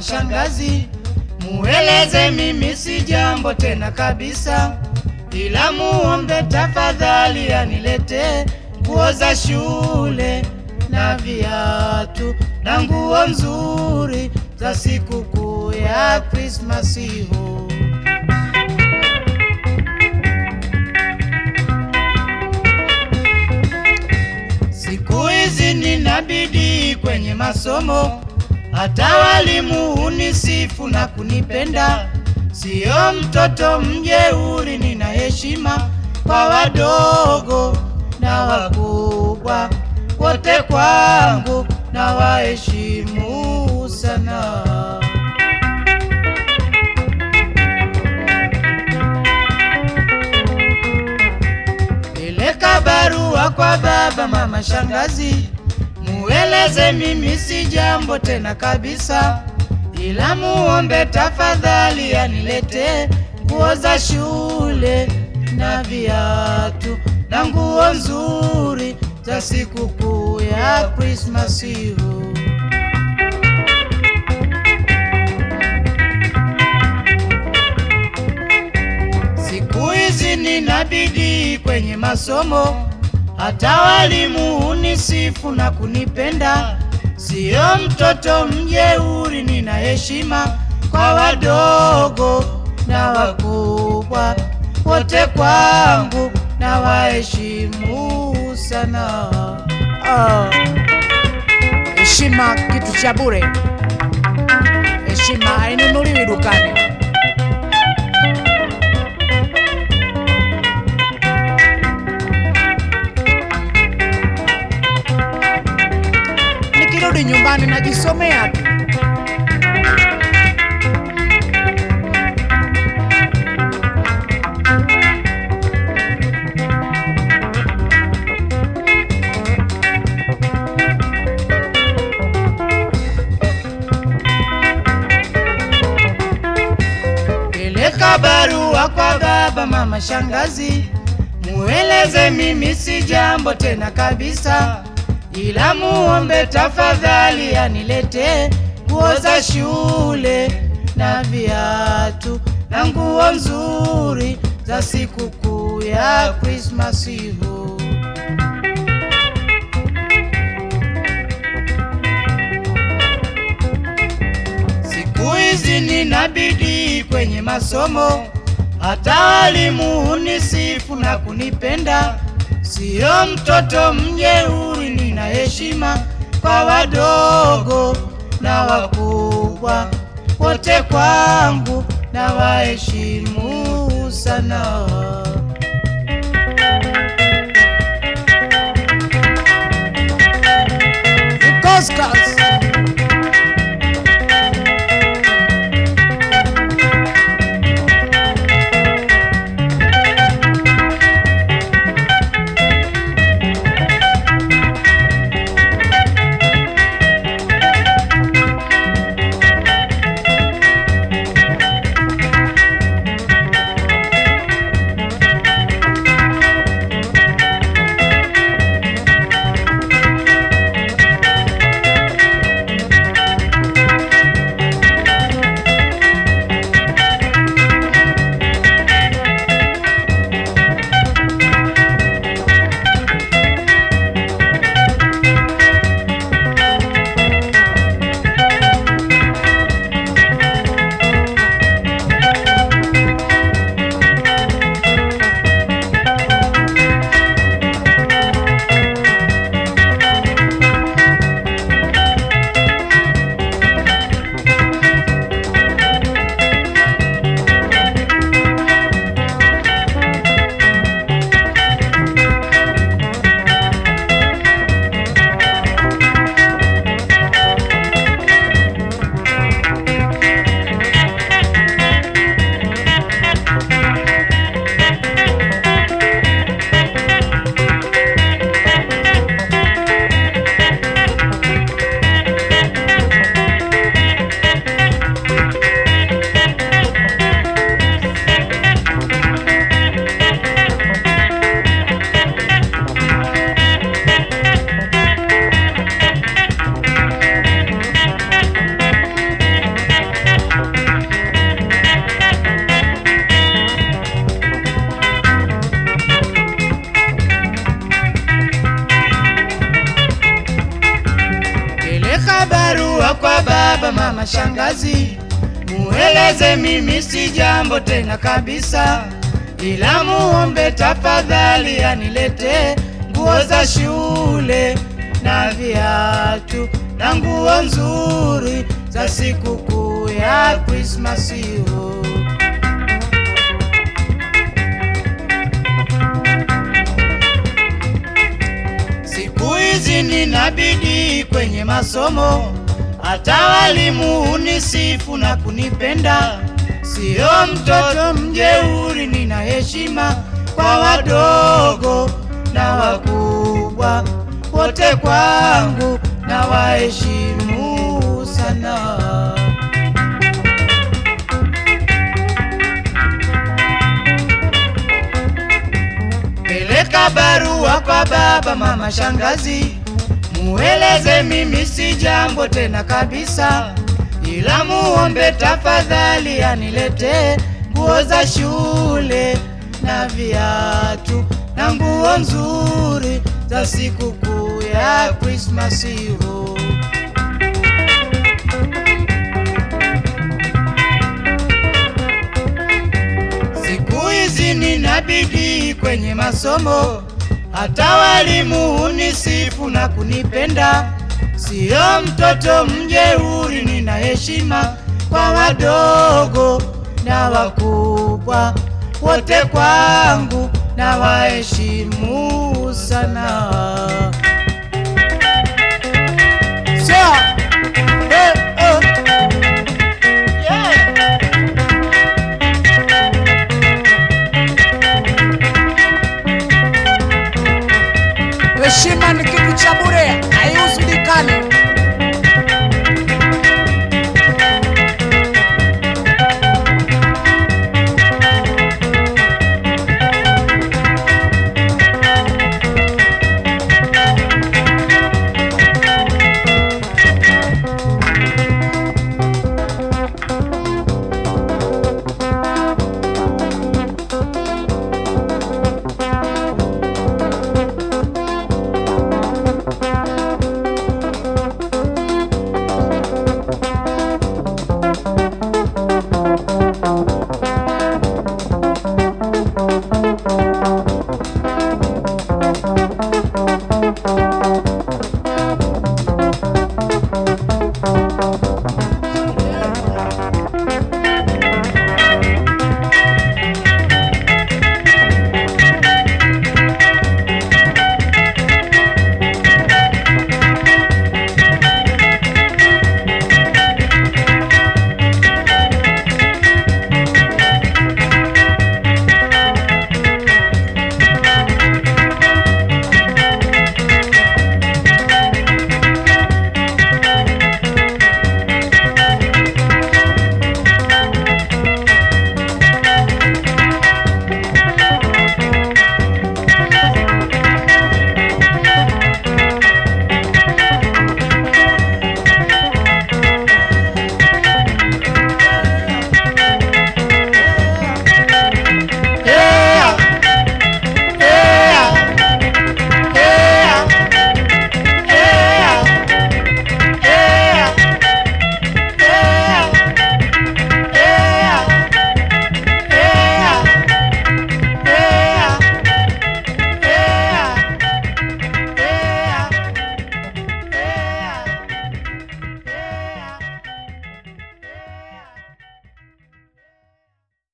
mashangazi, shangazi, mueleze mimi si jambo tena kabisa, ila muombe tafadhali anilete nguo za shule na viatu na nguo nzuri za sikukuu ya Krismasi siku hizi ninabidi kwenye masomo hata walimu hunisifu na kunipenda. Siyo mtoto mjeuri, nina heshima kwa wadogo na wakubwa wote, kwangu na waheshimu sana. Nileka barua kwa baba, mama, shangazi Mueleze mimi si jambo tena kabisa, ila muombe tafadhali anilete nguo za shule na viatu na nguo nzuri za sikukuu ya Krismasi. Siku hizi nina bidii kwenye masomo hata walimu hunisifu na kunipenda, siyo mtoto mjeuri, nina heshima kwa wadogo na wakubwa wote, kwangu na waheshimu sana. Ah. Heshima oh, kitu cha bure. Heshima hainunuliwi dukani. jamani, najisomea tu. Peleka barua kwa baba, mama, shangazi, mueleze mimi si jambo tena kabisa ila muombe tafadhali anilete nguo za shule na viatu na nguo nzuri za sikukuu ya Krismasi huu. Siku hizi nina bidii kwenye masomo, hata walimu hunisifu na kunipenda Sio mtoto mjeuri, nina heshima kwa wadogo na wakubwa wote, kwangu na waheshimu sana. kwa baba, mama, shangazi, mueleze mimi si jambo tena kabisa, ila muombe tafadhali anilete nguo za shule na viatu na nguo nzuri za sikukuu ya Krismasi. Siku hizi nina bidii kwenye masomo hata walimu hunisifu na kunipenda. Sio mtoto mjeuri, nina heshima kwa wadogo na wakubwa wote, kwangu na waheshimu sana. Peleka barua kwa baba, mama, shangazi Mueleze mimi si jambo tena kabisa, ila muombe tafadhali aniletee nguo za shule na viatu na nguo nzuri za sikukuu ya Krismasi Siku hizi nina bidii kwenye masomo hata walimu hunisifu na kunipenda. Siyo mtoto mjeuri, nina heshima kwa wadogo na wakubwa wote, kwangu na waheshimu sana.